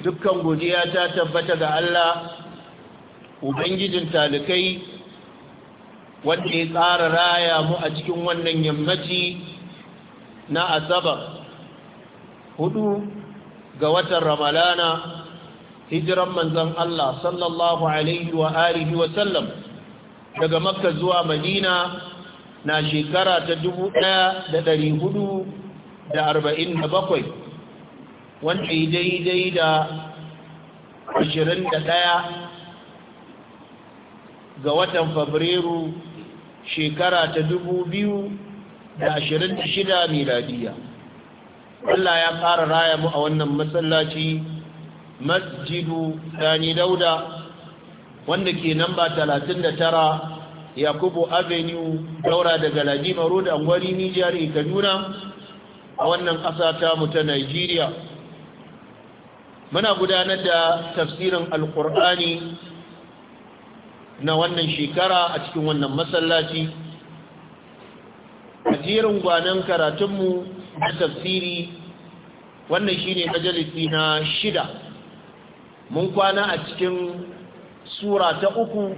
dukkan godiya ta tabbata ga Allah ubangijin talikai wanda ya tsara raya mu a cikin wannan yammaci na asabar hudu ga watan ramalana hijiran manzon Allah sallallahu alaihi wa alihi wa sallam daga makka zuwa madina na shekara ta bakwai. wani daidai da 21 ga watan fabrairu shekara ta 2026 miladiya Allah ya fara raya mu a wannan matsalaci masjidu sani dauda wanda ke namba tara yakubu avenue daura daga ladima road angwari nijiyar kaduna a wannan ƙasa ta mu ta nigeria muna gudanar da tafsirin alkur'ani na wannan shekara a cikin wannan masallaci a jerin gwanon karatunmu na tafsiri wannan shine majalisi na shida mun kwana a cikin sura ta uku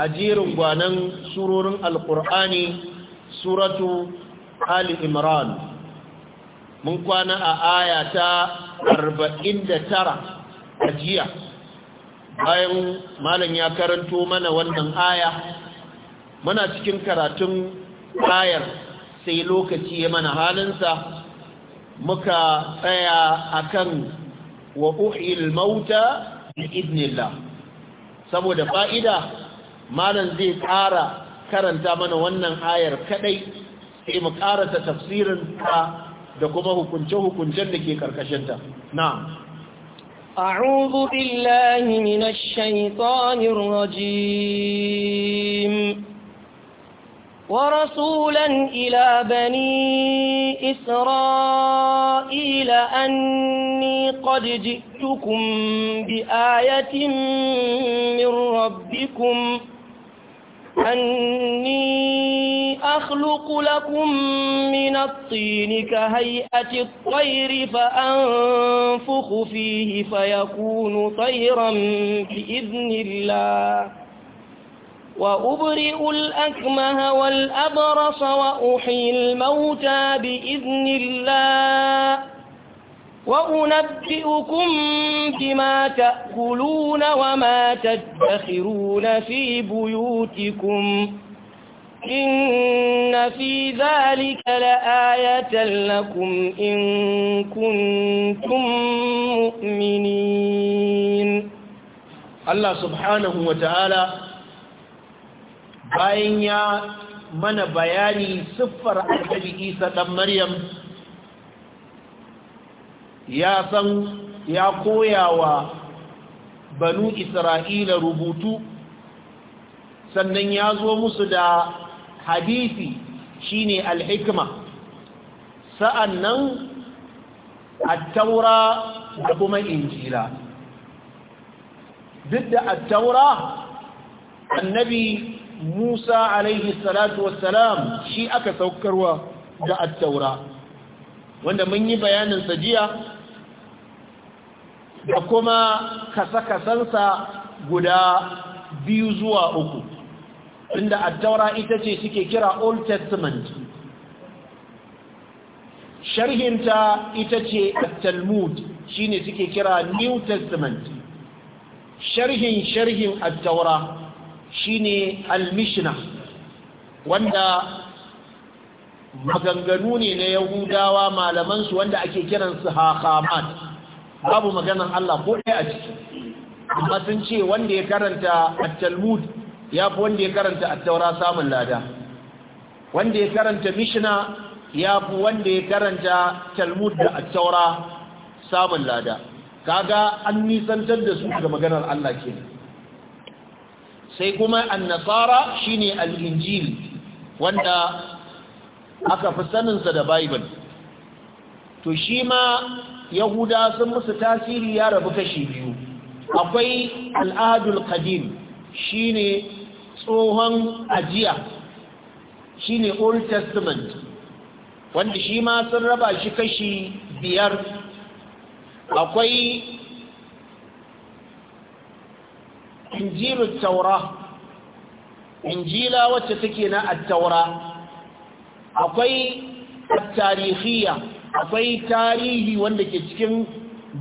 a jerin gwanon surorin alkur'ani suratu ali imran mun kwana a aya ta arba'in da tara a jiya bayan malam ya karanto mana wannan aya muna cikin karatun ayar sai lokaci ya mana halinsa muka tsaya akan wa uhil mauta da idnillah saboda fa'ida malam zai ƙara karanta mana wannan ayar kadai sai mu ƙara tafsirin ta da kuma hukunce-hukuncen da ke karkashinta na'am أعوذ بالله من الشيطان الرجيم ورسولا إلى بني إسرائيل أني قد جئتكم بآية من ربكم أني أخلق لكم من الطين كهيئة الطير فأنفخ فيه فيكون طيرا بإذن الله وأبرئ الأكمه والأبرص وأحيي الموتى بإذن الله وأنبئكم بما تأكلون وما تدخرون في بيوتكم إن في ذلك لآية لكم إن كنتم Allah الله wa Ta'ala, bayan ya mana bayani siffar annabi isa ɗan maryam ya san ya koya wa banu isra'ila rubutu sannan ya zo musu da hadisi shine al-hikma sa'annan at-taura da kuma injila duk da at-taura annabi Musa alaihi salatu wassalam shi aka saukarwa da at-taura wanda mun yi bayanin sajiya da kuma kasa-kasansa guda biyu zuwa uku inda attaura ita ce suke kira old testament sharhinta ita ce talmud shine suke kira new testament sharhin sharhin attaura shine al-mishnah wanda maganganu ne na yahudawa malamansu wanda ake kiransu hakamat babu maganan Allah ko ɗaya a ciki amma sun ce wanda ya karanta at-talmud ya fi wanda ya karanta attaura samun lada wanda ya karanta mishina ya fi wanda ya karanta talmud da attaura samun lada kaga an nisantar da su ga maganar Allah ke sai kuma annasara shine al-injil wanda aka fi saninsa da bible to shi ma yahuda sun musu tasiri ya rabu kashi biyu akwai al'adul qadim shine tsohon ajiya shine old testament wanda shi ma sun raba shi kashi biyar akwai injilun taura injila wacce take na attaura akwai tarihiya akwai tarihi wanda ke cikin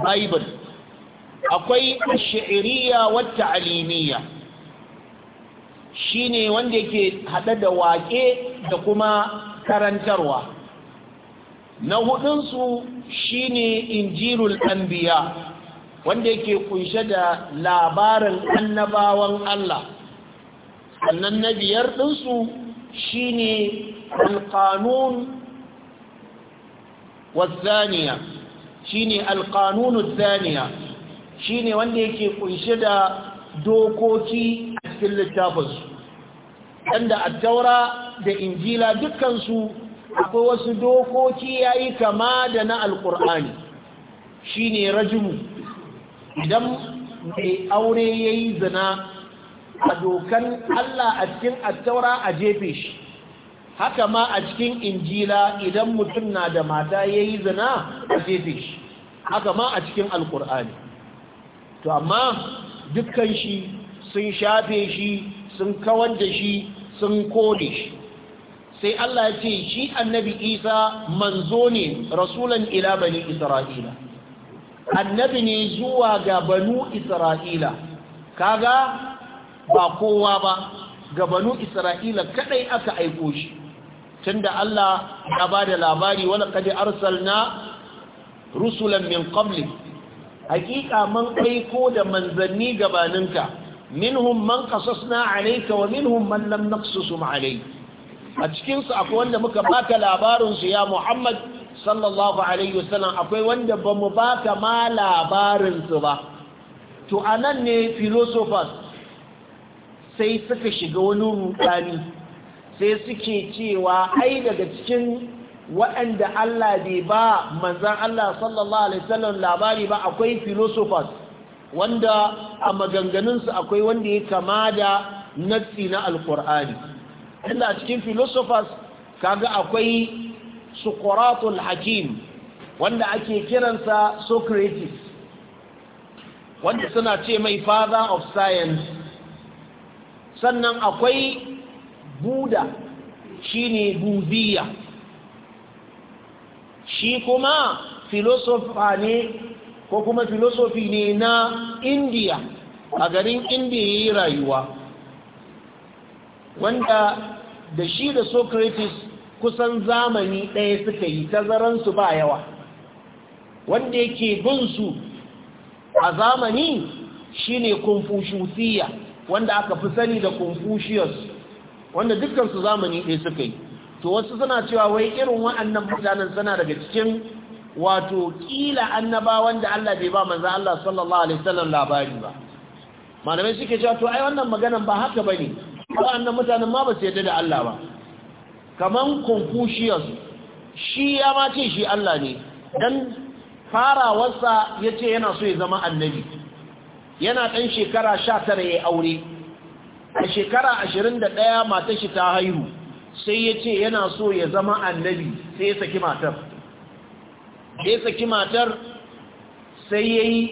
bible akwai ashiriyya wata alimiyya ne wanda yake haɗe da waƙe da kuma karantarwa na hudunsu shine injilul anbiya wanda yake kunshe da labarin annabawan Allah sannan na biyar ɗinsu shine alƙanun shi shine alƙanunu zaniya shine wanda yake kunshe da dokoki a cikin littafinsu ɗan da attaura da injila dukansu akwai wasu dokoki ya yi kama da na shi ne rajimu. idan mai aure ya yi zina a dokan Allah a cikin attaura a jefe shi haka ma a cikin injila idan mutum na da mata ya yi zina a jefe shi haka ma a cikin Alƙur'ani. to amma dukkan shi sun shafe shi sun kawar da shi sun kone shi sai Allah ya ce shi annabi isa manzo ne rasulan ila bani isra'ila annabi ne zuwa ga banu isra'ila kaga ba kowa ba ga banu isra'ila kadai aka aiko shi tunda Allah ya ba da labari wala kad arsalna rusulan min qablik hakika man aiko da manzanni gabaninka minhum man qasasna alayka wa minhum man lam naqsusum alayk a cikin su akwai wanda muka baka labarin su ya Muhammad sallallahu alaihi wasallam akwai wanda ba mu baka ma labarin su ba to anan ne philosophers sai suka shiga wani rudani sai suke cewa ai daga cikin waɗanda Allah bai ba manzan Allah sallallahu alaihi wasallam labari ba akwai philosophers wanda a maganganunsa akwai wanda ya kama da natsi na alkur'ani inda a cikin philosophers kaga akwai sukuratul hakim wanda ake kiransa socrates wanda suna ce mai father of science sannan akwai buda shine buziya shi kuma filosofa ne ko kuma filosofi ne na indiya a garin indiya ya yi rayuwa wanda da shi da socrates kusan zamani ɗaya suka yi tazaransu ba yawa wanda yake su a zamani shi shine kumfushusiya wanda aka fi sani da kumfushiyos wanda dukkan su zamani ɗaya suka yi to wasu suna cewa wai irin wa'annan mutanen suna daga cikin wato kila annabawan da Allah bai ba manzo Allah sallallahu alaihi wasallam labari ba malamai suke cewa to ai wannan maganan ba haka bane wannan mutanen ma ba su yarda da Allah ba kaman Confucius shi ya ma ce shi Allah ne dan farawarsa yace yana so ya zama annabi yana dan shekara 19 yayi aure a shekara 21 matar shi ta haihu sai yace yana so ya zama annabi sai ya saki matar da ya saki matar sai ya yi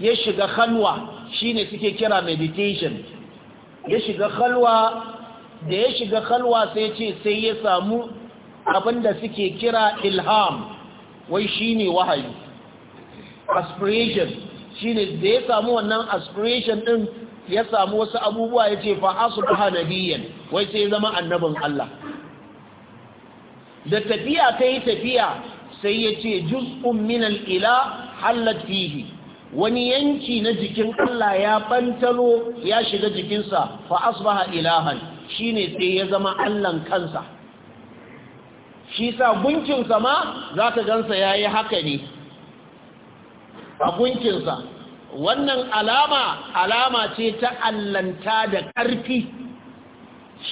ya shiga halwa shine suke kira meditation ya shiga halwa da ya shiga halwa sai ce sai ya samu abinda suke kira ilham wai shine wahayi aspiration ne da ya samu wannan aspiration din ya samu wasu abubuwa ya ce fa'asu ba nabiyan wai sai zama annabin Allah da tafiya ta yi tafiya sai ya ce juz'un min al'ila hallat fihi wani yanki na jikin Allah ya bantalo ya shiga jikinsa fa asbaha ilahan shine sai ya zama Allah kansa shi sa gunkinsa ma zaka gansa yayi haka ne a gunkinsa wannan alama alama ce ta allanta da ƙarfi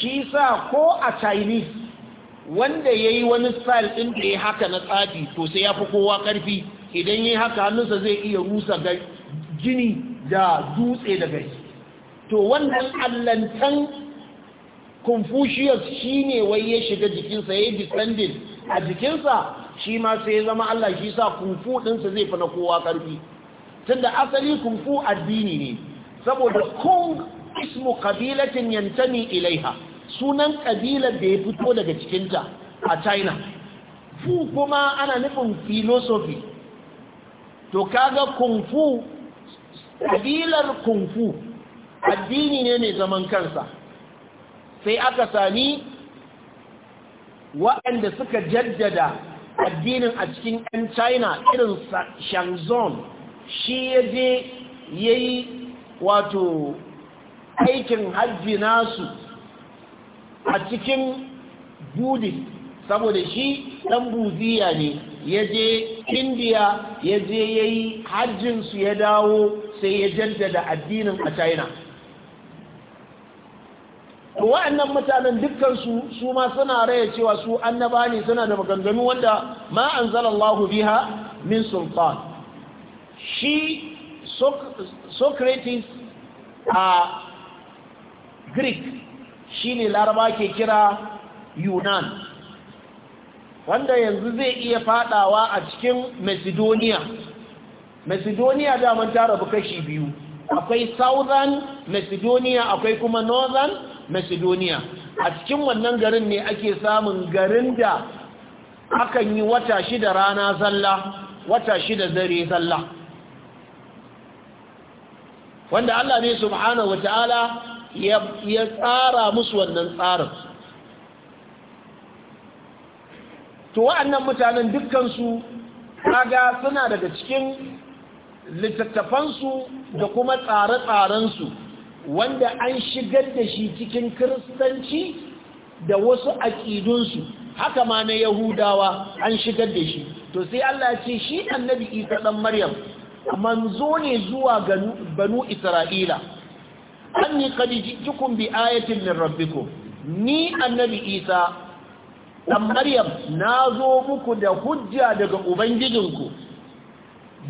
shi sa ko a chinese wanda ya yi wani style ɗin da ya haka na tsafi to sai ya fi kowa ƙarfi idan ya haka hannunsa zai iya rusa jini da dutse da gari to wannan allantan confucius shi ne wai ya shiga jikinsa ya yi a jikinsa shi ma sai ya zama allah shi sa kumfu ɗinsa zai fi na kowa ƙarfi tunda asali kumfu addini ne saboda kung ismu kabilatin yantami ilaiha sunan ƙabilar da ya fito daga cikinta a china fu kuma ana nufin philosophy to kaga kung fu ƙabilar kung fu addini ne mai zaman kansa sai aka sami waɗanda suka jaddada addinin a cikin 'yan china irin shangzon shi ya je ya yi wato aikin hajji nasu a cikin Budi saboda shi ɗan buziya ne ya je indiya ya je ya yi hajjinsu ya dawo sai ya jaddada addinin a china wa'annan mutanen dukkansu su ma suna raya cewa su annaba ne suna da maganganu wanda ma anzalallahu biha min sultan shi socrates a greek ne laraba ke kira yunan wanda yanzu zai iya fadawa a cikin macedonia macedonia daman ta rabu kashi biyu akwai southern macedonia akwai kuma northern macedonia a cikin wannan garin ne ake samun garin da akan yi wata shida rana zalla wata shida zare zalla wanda Allah ne subhanahu wataala ya tsara musu wannan tsarin to wa'annan mutanen dukkansu kaga suna daga cikin littattafansu da kuma tsare-tsarensu wanda an shigar da shi cikin kiristanci da wasu aƙidunsu haka ma na yahudawa an shigar da shi to sai Allah ce shi annabi isa ɗan maryam manzo ne zuwa banu isra'ila anni qad ji'tukum bi ayatin min rabbikum ni annabi isa dan maryam nazo muku da hujja daga ubangijinku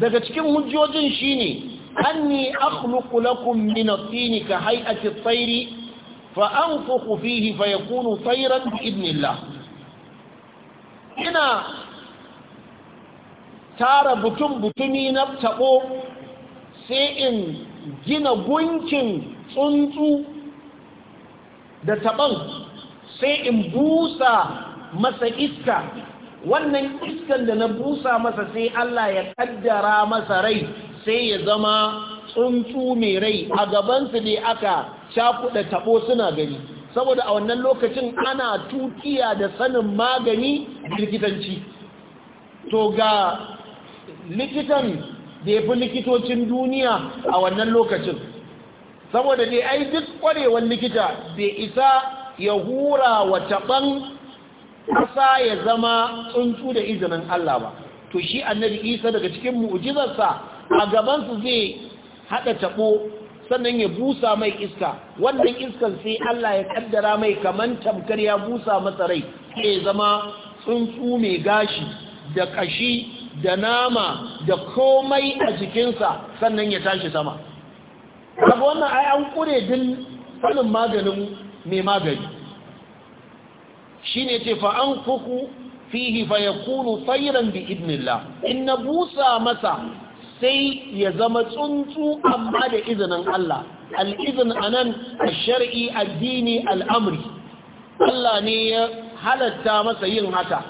daga cikin hujjojin shine anni akhluqu lakum min at-tin ka hay'ati at-tayr fa anfukhu fihi fayakunu tayran bi idnillah ina tara butun butumi na tabo sai in gina gunkin tsuntsu da taɓon sai in busa masa iska wannan iskan da na busa masa sai Allah ya kaddara masa rai sai ya zama tsuntsu mai rai a gabansu ne aka shafuɗa taɓo suna gani saboda a wannan lokacin ana tukiya da sanin magani likitanci to ga likitan da ya fi likitocin duniya a wannan lokacin saboda dai ai duk kwarewar likita bai isa ya hura wa taɓan ƙasa ya zama tsuntsu da izinin Allah ba to shi annabi isa daga cikin mu'jizarsa a gabansu zai haɗa taɓo sannan ya busa mai iska wannan iskan sai Allah ya kaddara mai kaman tamkar ya busa masa rai sai zama tsuntsu mai gashi da kashi da nama da komai a jikinsa sannan ya tashi sama kaga wannan ai an kure din sanin maganin mai magani shine ce fa an fuku fihi fa yakunu tayran bi idnillah in na busa masa sai ya zama tsuntsu amma da izinin Allah al-izn anan a shari addini dini al-amri Allah ne ya halatta masa yin haka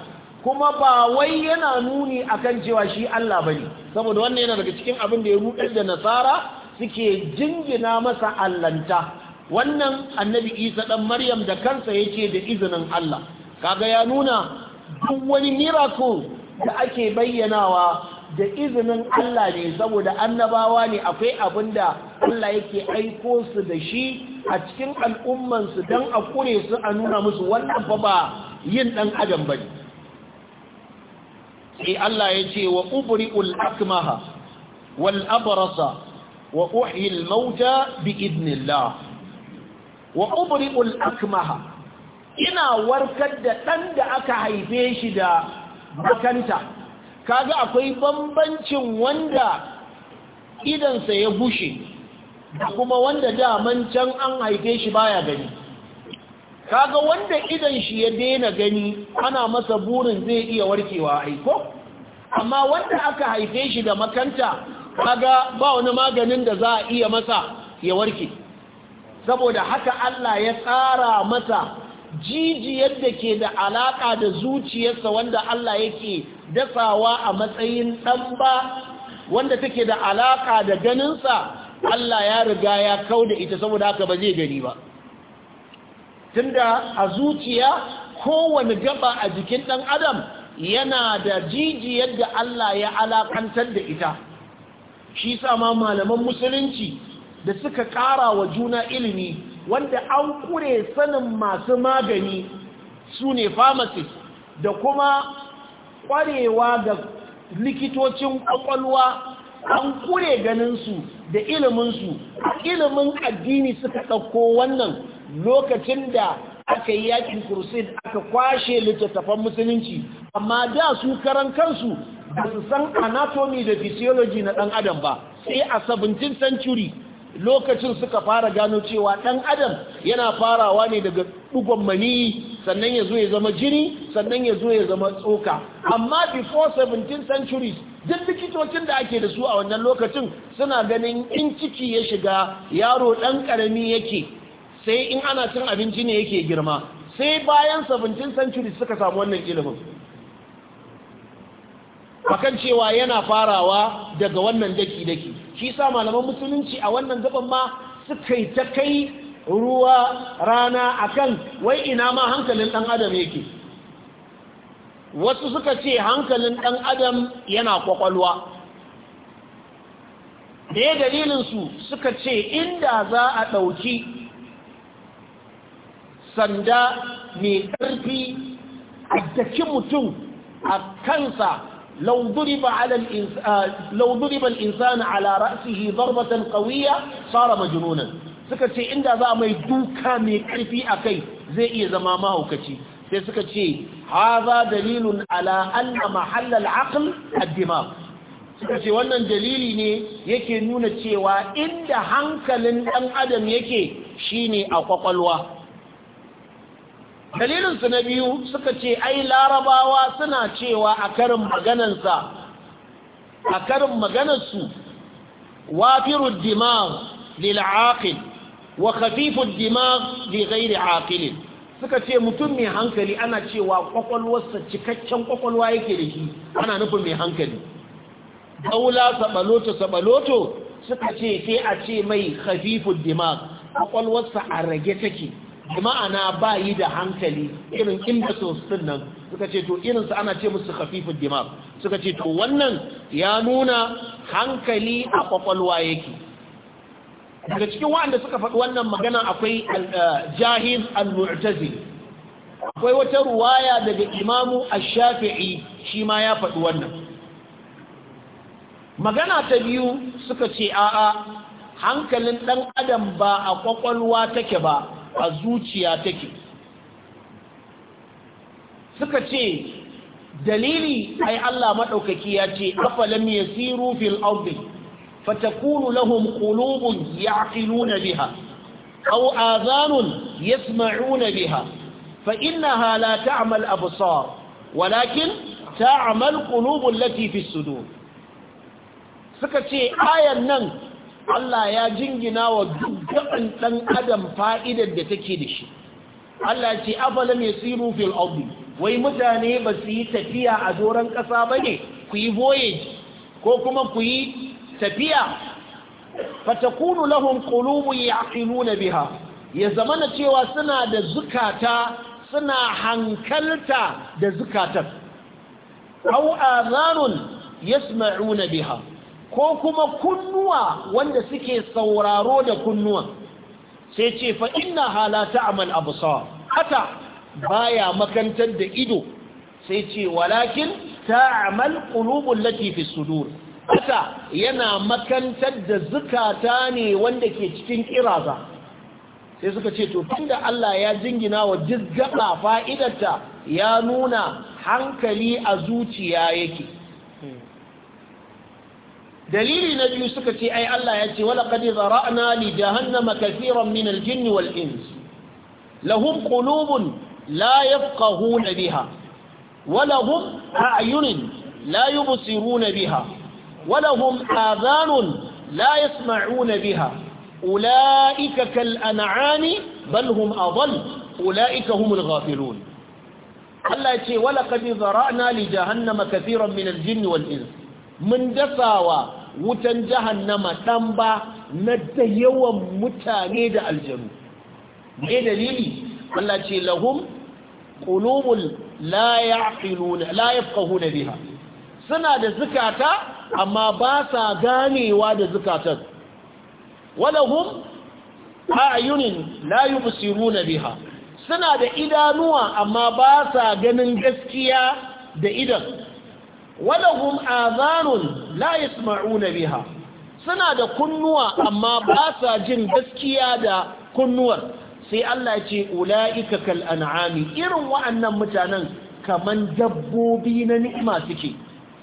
kuma ba wai yana nuni akan cewa shi Allah bane saboda wannan yana daga cikin abin da ya rudar da nasara suke jingina masa allanta wannan annabi isa ɗan maryam da kansa yake da izinin Allah kaga ya nuna duk wani miracle da ake bayyanawa da izinin Allah ne saboda annabawa ne akwai abinda Allah yake aiko su da shi a cikin al'ummansu don a kure su a nuna musu wannan fa ba yin ɗan adam ba sai Allah ya ce wa ubri wal abrasa wa uhil mauta bi idnillah wa ubri'u al-akmaha ina warkar da dan da aka haife shi da makanta kaga akwai bambancin wanda sa ya bushe da kuma wanda daman can an haife shi baya gani kaga wanda idan shi ya daina gani ana masa burin zai iya warkewa aiko amma wanda aka haife shi da makanta kaga ba wani maganin da za a iya masa ya warke saboda haka Allah ya tsara masa jijiyar da ke da alaka da zuciyarsa wanda Allah yake dasawa a matsayin ɗan ba wanda take da alaka da ganinsa Allah ya riga ya kau da ita saboda haka ba zai gani ba tunda a zuciya kowane gaba a jikin ɗan adam yana da jijiyar da Allah ya alakantar da ita shi sa ma malaman musulunci da suka ƙara wa juna ilimi wanda an kure sanin masu magani su ne pharmacist da kuma kwarewa ga likitocin kwakwalwa an kure ganinsu da iliminsu ilimin addini suka ɗauko wannan lokacin da aka yi yakin crusade aka kwashe littattafan musulunci amma da su karan kansu ban san anatomy da physiology na ɗan adam ba sai a 17th century lokacin suka fara gano cewa ɗan adam yana farawa ne daga ɗugon maniyi sannan ya zo ya zama jini sannan ya zo ya zama tsoka amma before 17 century duk likitocin da ake da su a wannan lokacin suna ganin in ciki ya shiga yaro ɗan ƙarami yake sai in ana cin abinci ne yake girma sai bayan 17 century suka samu wannan ilimin akan cewa yana farawa daga wannan daki-daki shi sa malaman musulunci a wannan gaban ma suka yi ta kai ruwa rana akan wai ina ma hankalin ɗan adam yake wasu suka ce hankalin ɗan adam yana kwakwalwa da ya dalilinsu suka ce inda za a ɗauki sanda mai ƙarfi a daki mutum a kansa لو ضرب على الإنسان لو ضرب الإنسان على رأسه ضربة قوية صار مجنونا suka ce inda za mai duka mai ƙarfi a kai zai iya zama mahaukaci sai suka ce haza dalilun ala anna mahallal aql ad-dimag suka ce wannan dalili ne yake nuna cewa inda hankalin ɗan adam yake shine a kwakwalwa dalilinsu na biyu suka ce ai larabawa suna cewa a karin maganansa a karin maganarsu wafirud dimag lil wa khafifud dimag li ghairi suka ce mutum mai hankali ana cewa kwakwalwarsa cikakken kwakwalwa yake da shi ana nufin mai hankali daula sabaloto sabaloto suka ce sai a ce mai khafifud dimag kwakwalwarsa a rage take ma'ana ba yi da hankali irin inda sosin nan suka ce to irinsu ana ce musu khafifin dimar suka ce to wannan ya nuna hankali a kwakwalwa yake daga cikin waɗanda suka faɗi wannan magana akwai eh, jahiz al-mu'tazi akwai wata ruwaya daga imamu ash-shafi'i shi ma ya faɗi wannan magana ta biyu suka ce a'a hankalin ɗan adam ba a kwakwalwa take ba a zuciya take suka ce dalili ai Allah maɗaukaki ya ce afalam yasiru fil ardi fatakunu lahum qulubun ya'qiluna biha aw adhanun yasma'una biha fa innaha la ta'mal absar walakin ta'mal qulubul lati fis sudur suka ce ayan nan Allah ya jingina wa duk gaban ɗan adam fa'idar da take da shi Allah ce afala mai siru fil ardi wai mutane ba su yi tafiya a doron ƙasa ba ne ku yi voyage ko kuma ku yi tafiya fatakunu lahum qulubu yaqiluna biha ya zamana cewa suna da zukata suna hankalta da zukatan aw azanun yasma'una biha ko kuma kunnuwa wanda suke sauraro da kunnuwa sai ce fa inna halata amal absar hata baya makantar da ido sai ce walakin ta'mal qulubul lati fi sudur hata yana makantar da zukata ne wanda ke cikin ƙiraza. sai suka ce to tunda Allah ya jingina wa jizgaba fa'idarta ya nuna hankali a zuciya yake dalili na biyu suka ce ai Allah ya ce wala qad zara'na li jahannama kafiran min al-jinn wal ins lahum qulubun la yafqahuna biha wala hum a'yunun la biha wala hum adhanun la yasma'una biha ulaika kal an'ami bal hum adall ulaika humul ghafilun Allah ya ce wala qad zara'na li jahannama kafiran min al-jinn wal ins mun dasawa wutan jahannama dan ba na da yawan mutane da aljanu Mai dalili Allah ce lahum qulubun la ya'qiluna la yafqahuna biha suna da zukata amma ba sa ganewa da zukatan walahum a'yunin la yubsiruna biha suna da idanuwa amma ba sa ganin gaskiya da idan walahum azanun la yasma'una biha suna da kunnuwa amma ba sa jin gaskiya da kunnuwar sai Allah ya ce ulaika kal an'ami irin wa'annan mutanen kaman dabbobi na ni'ima suke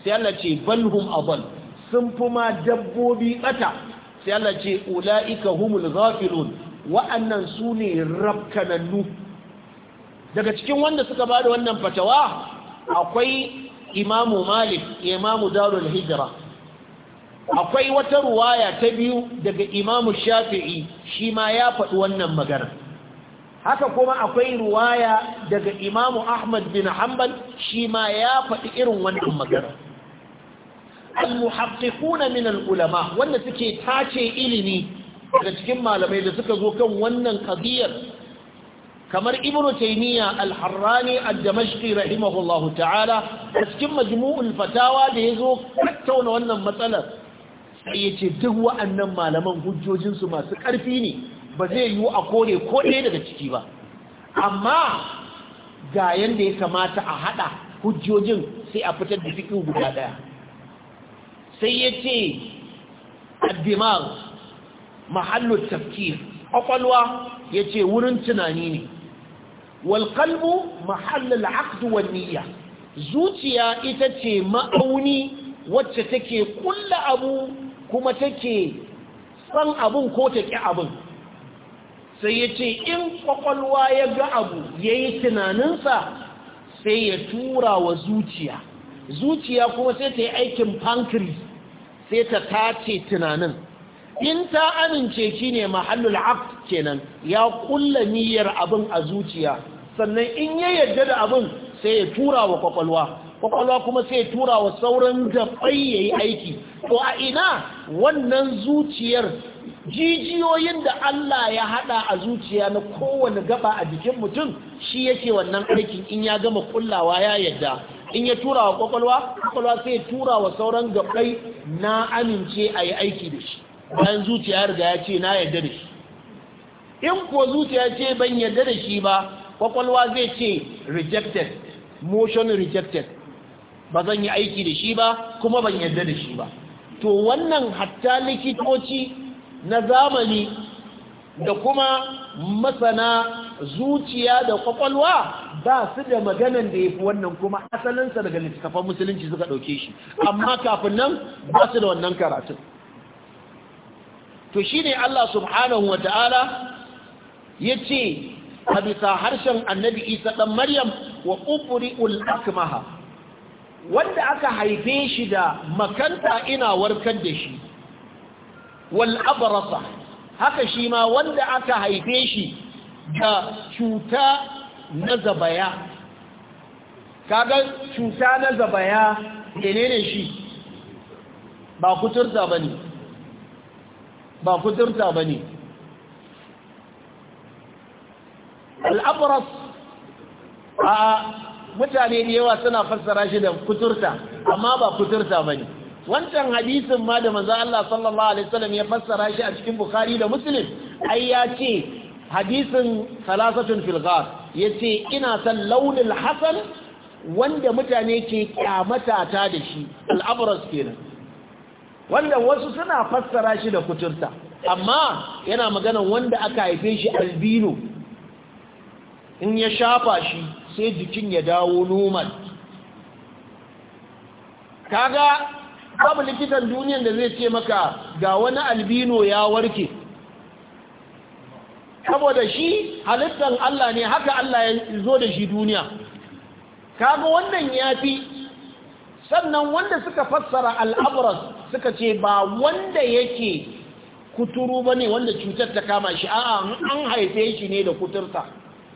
sai Allah ce balhum adall sun fi ma dabbobi bata sai Allah ce ulaika humul ghafilun wa'annan su ne rabkanannu daga cikin wanda suka bada wannan fatawa akwai imamu malik imamu darul hijira akwai wata ruwaya ta biyu daga imamu shafi'i shi ma ya faɗi wannan magana haka kuma akwai ruwaya daga imamu ahmad bin hanbal shi ma ya faɗi irin wannan magana al-muhaqqiquna min al-ulama wanda suke tace ilimi daga cikin malamai da suka zo kan wannan qadiyar kamar ibnu taymiya al-harrani ad-damashqi rahimahullahu ta'ala cikin majmu'ul fatawa da yazo tattauna wannan matsalar sai yace duk wa'annan malaman hujjojin su masu karfi ne ba zai yiwu a kore ko ɗaya daga ciki ba amma ga yanda ya kamata a hada hujjojin sai a fitar da fikin guda daya sai yace ad-dimag mahallu tafkir ƙwaƙwalwa yace wurin tunani ne wal qalbu mahallul niyya zuciya ita ce ma'auni wacce take kulla abu kuma take san abun ko take abun sai yace in kwakwalwa ya ga abu yayi tunaninsa sai ya tura wa zuciya zuciya kuma sai ta yi aikin pancreas sai ta tace tunanin in ta amince shi ne mahallul abd kenan ya kulla niyyar abin a zuciya sannan in ya yarda da abin sai ya tura wa kwakwalwa kwakwalwa kuma sai ya tura wa sauran gabai ya yi aiki to a ina wannan zuciyar jijiyoyin da Allah ya hada a zuciya na kowane gaba a jikin mutum shi yake wannan aikin in ya gama kullawa ya yarda in ya tura wa kwakwalwa kwakwalwa sai ya tura wa sauran gabai na amince a yi aiki da shi bayan zuciya riga ya ce na yarda da shi in ko zuciya ce ban yarda da shi ba kwakwalwa zai ce rejected motion rejected ba zan yi aiki da shi ba kuma ban yadda da shi ba to wannan hatta likitoci na zamani da kuma masana zuciya da kwakwalwa ba su da maganan da ya fi wannan kuma asalinsa daga littattafan musulunci suka ɗauke shi amma kafin nan ba su da wannan karatun to shi ne Allah subhanahu wa ta'ala ya ce a bisa harshen annabi isa ɗan maryam wa ƙufuri'ul akmaha wanda aka haife shi da makanta ina warkar da shi wal haka shi ma wanda aka haife shi da cuta na zabaya kaga cuta na zabaya menene shi ba kuturta bane ba kuturta bane al'abras a mutane da yawa suna fassara shi da kuturta amma ba kuturta ba ne wancan hadisin ma da maza Allah sallallahu Alaihi wasallam ya fassara shi a cikin Bukhari da Muslim ai ya ce hadisin salasatun filgar ya ce ina san launin hasan wanda mutane ke kyamata ta da shi al'abras kenan wanda wasu suna fassara shi da kuturta amma yana maganan wanda aka haife shi albino in ya shafa shi sai jikin ya dawo normal kaga babu likitan duniyan da zai ce maka ga wani albino ya warke saboda shi halittar Allah ne haka Allah ya zo da shi duniya kaga wannan ya fi sannan wanda suka fassara al'abras suka ce ba wanda yake kuturu ba ne wanda cutar ta kama shi a'a an haife shi ne da kuturta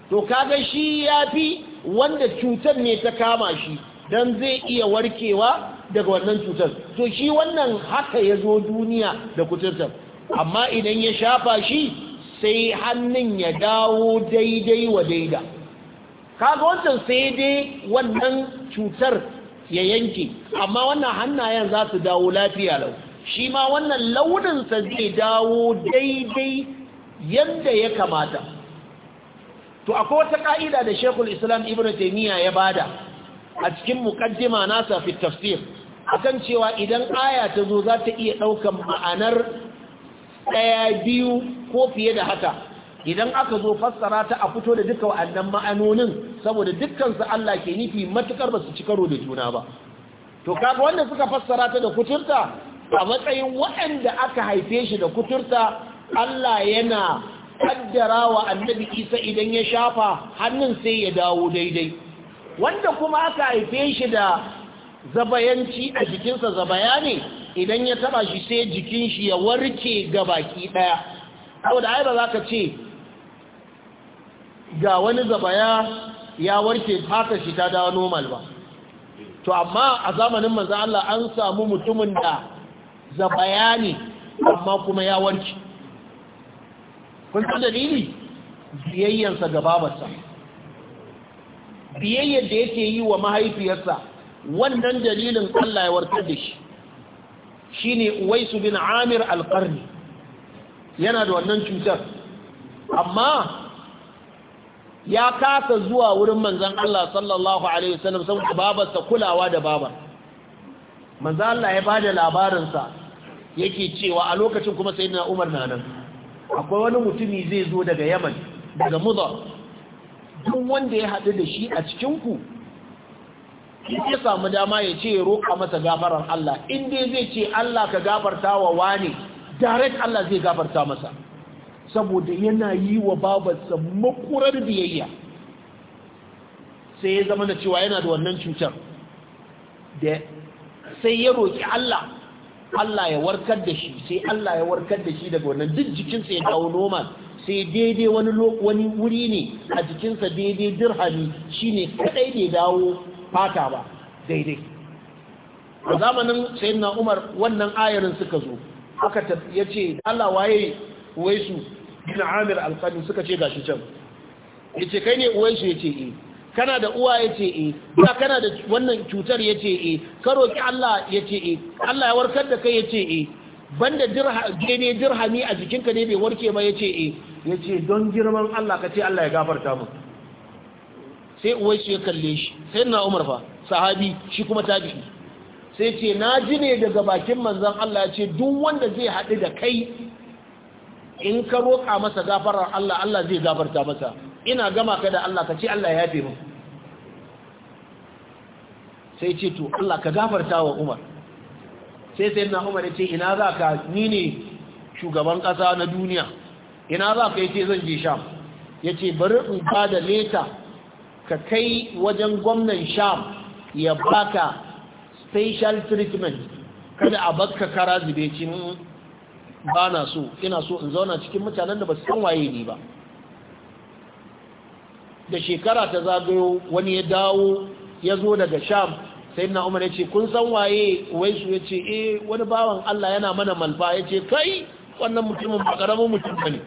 to kaga shi ya fi wanda cutar ne ta kama shi don zai iya warkewa daga wannan cutar to shi wannan haka ya zo duniya da kuturtar amma idan ya shafa shi sai hannun ya dawo daidai wa daida kaga wancan sai dai wannan cutar ya yanke amma wannan hannayen za su dawo lafiya lau shi ma wannan launinsa zai dawo daidai yadda ya kamata to akwai wata ka'ida da Sheikhul Islam Ibn Taymiyyah ya bada a cikin muqaddima nasa fi tafsir akan cewa idan aya ta zo za ta iya daukan ma'anar ɗaya biyu ko fiye da haka idan aka zo fassara ta a fito da duka wa'annan ma'anonin saboda dukkan su Allah ke nufi matukar ba su ci karo da juna ba to kaga wanda suka fassara ta da kuturta a matsayin waɗanda aka haife shi da kuturta Allah yana kaddara wa annabi isa idan ya shafa hannun sai ya dawo daidai wanda kuma aka haife shi da zabayanci a jikinsa zabaya ne idan ya taba shi sai jikin shi ya warke ga baki daya saboda ai ba za ka ce ga wani zabaya ya warke haka shi ta dawo normal ba to amma a zamanin manzo Allah an samu mutumin da zabaya ne amma kuma ya warke kun san dalili biyayyansa ga babarsa biyayyar da yake yi wa mahaifiyarsa wannan dalilin Allah ya warkar da shi shine Uwaisu bin Amir al-Qarni yana da wannan cutar amma ya kasa zuwa wurin manzon Allah sallallahu alaihi wasallam saboda babarsa kulawa da babar manzon Allah ya bada labarin sa yake cewa a lokacin kuma sai sayyidina Umar na nan akwai wani mutumi zai zo daga yaman daga muda duk wanda ya haɗu da shi a cikinku ya samu dama ya ce ya roƙa masa gafarar Allah in dai zai ce Allah ka gafarta wa wane direct Allah zai gafarta masa saboda yana yi wa babarsa makurar biyayya sai ya zama da cewa yana da wannan cutar sai ya roƙi Allah Allah ya warkar da shi sai Allah ya warkar da shi daga wannan duk jikinsa ya dawo normal sai daidai wani wani wuri ne a jikinsa daidai dirhami shine kadai ne dawo fata ba daidai a zamanin sayyidina Umar wannan ayarin suka zo aka ce Allah waye waisu bin Amir al suka ce gashi can yace kai ne uwaisu yace eh kana da uwa ya ce e eh, ba kana da wannan cutar ya ce e eh, ka roƙi Allah ya ce e eh, Allah ya warkar da kai ya ce e banda gene dirhami a jikinka ne bai warke ba ya ce e ya ce don girman Allah ka ce Allah ya gafarta mu sai uwa shi ya kalle shi sai na umar fa sahabi shi kuma tabi'i sai ce na ji ne daga bakin manzon Allah ya ce duk wanda zai haɗu da kai in ka roƙa masa gafarar Allah Allah zai gafarta masa ina gama ka da Allah ka ce Allah ya fi mu sai ce to Allah ka gafarta wa Umar sai sai na Umar ya ce ina za ka ni ne shugaban ƙasa na duniya ina za ka yace zan je Sham yace bari in ba da leta ka kai wajen gwamnan Sham ya baka special treatment kada a baka kara zube ba na so ina so in zauna cikin mutanen da ba su san waye ni ba da shekara ta zagayo wani ya dawo ya zo daga sham sai na umar ya ce kun san waye su ya ce eh wani bawan Allah yana mana malfa ya ce kai wannan mutumin ba karamin mutum ba ne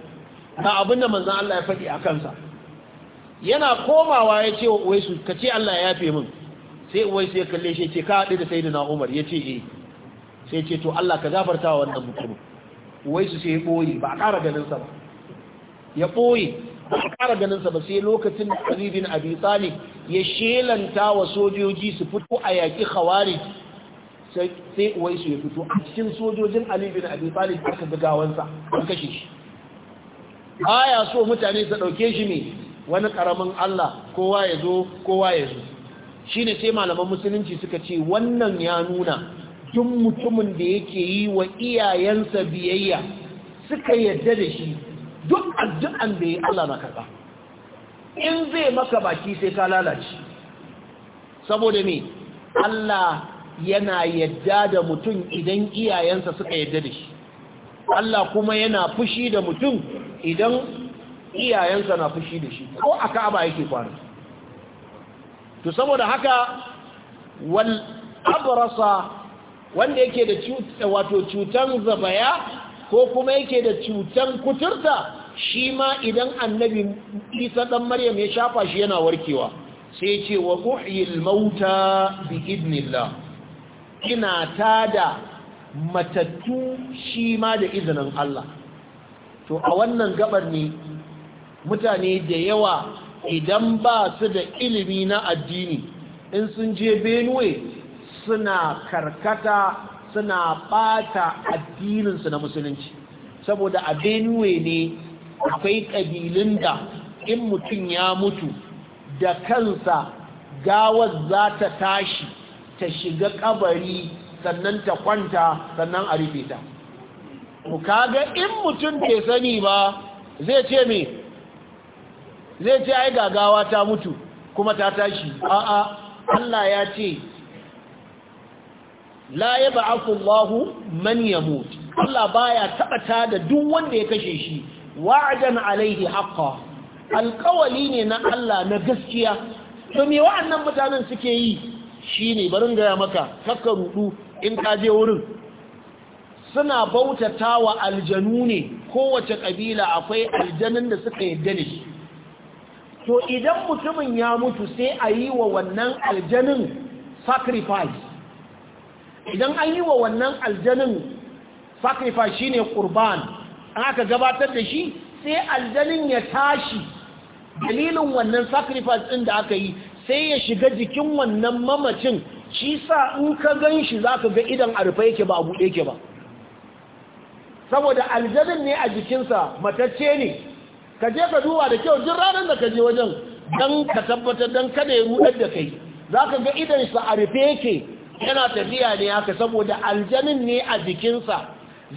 na abin da manzan Allah ya faɗi a kansa yana komawa ya ce su ka ce Allah ya yafe min sai su ya kalle shi ce ka haɗu da sayyidina umar ya ce eh sai ce to Allah ka gafarta wa wannan mutumin su sai ya ɓoye ba a ƙara ganin sa ba ya ɓoye ba a ganin ganinsa ba sai lokacin da Ali bin Abi Talib ya shelanta wa sojoji su fito a yaki khawari sai wai ya fito a cikin sojojin Ali bin Abi Talib aka ga gawansa an kashe shi aya so mutane su dauke shi ne wani karamin Allah kowa ya zo kowa ya zo shine sai malaman musulunci suka ce wannan ya nuna duk mutumin da yake yi wa iyayensa biyayya suka yadda da shi duk addu'an da ya Allah na karɓa in zai maka baki sai ka lalace saboda me Allah yana yadda da mutum idan iyayensa suka yadda da shi Allah kuma yana fushi da mutum idan iyayensa na fushi da shi ko a Aba yake kwana to saboda haka wal abrasa wanda yake da wato cutan zabaya ko kuma yake da cutan kuturta shi ma idan annabi isa ɗan maryam ya shafa shi yana warkewa sai ce wa ƙuhil mauta bi idnillah ina tada matattu shi ma da izinin Allah to a wannan gabar ne mutane da yawa idan ba su da ilimi na addini in sun je benue suna karkata suna bata addininsu na musulunci saboda a benue ne akwai ƙabilun da in mutum ya mutu da kansa gawar za ta tashi ta shiga kabari sannan ta kwanta sannan a rufe ta ku kaga in mutum ke sani ba zai ce me zai ce ai gagawa ta mutu kuma ta tashi a'a Allah ya ce la yab'athu Allahu man yamut Allah baya ta da duk wanda ya kashe shi wa'adan alaihi haqqan alqawli ne na Allah na gaskiya to me wa'annan mutanen suke yi shine barin gaya maka kakka rudu in ka je wurin suna bautatawa aljanu ne kowace kabila akwai aljanun da suka yadda da shi to idan mutumin ya mutu sai a yi wa wannan aljanun sacrifice idan an yi wa wannan aljanin sacrifice shine ƙurban an aka gabatar da shi sai aljanin ya tashi dalilin wannan sacrifice ɗin da aka yi sai ya shiga jikin wannan mamacin shi sa in ka gan shi za ka ga idan a rufe yake ba a buɗe yake ba saboda aljanin ne a jikinsa matacce ne ka je ka duba da kyau jin ranar da ka je wajen don ka tabbatar don kada ya rudar da kai za ka ga sa a rufe yake yana tafiya ne haka saboda aljanin ne a jikinsa